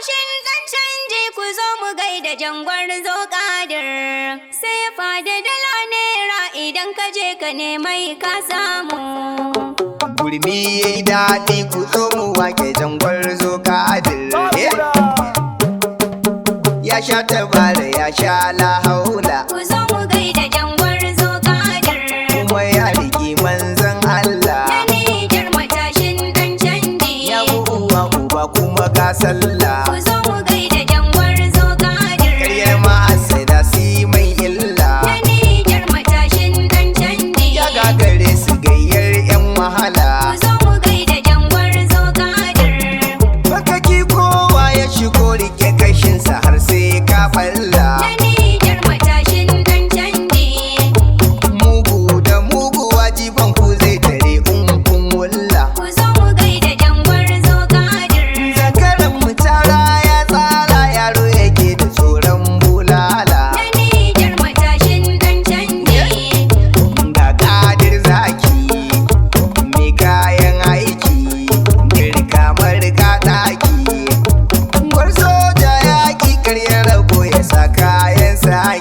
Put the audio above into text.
Shin zan canji ku zo mu gaida jangwar zo Sai fada dala naira idan ka je ka nemai ka samu. Gurmi ya yi daɗi ku zo mu wake jangwar zo eh. Ya sha tabara ya sha lahaula. Ku zo mu gaida jangwar zo Kuma ya rigi manzan Allah. ya Nijar matashin ɗan canji. Ya uwa uba kuma. sallah ku zo mu gaida dangwar zo kadir ƙaryar ma'asina si mai illa na nijar matashin dan candi ya gagare su gayyar yan wahala ku zo mu gaida dangwar zo kadir kowa ya shigo rike kashinsa har sai ka falla I kayan inside.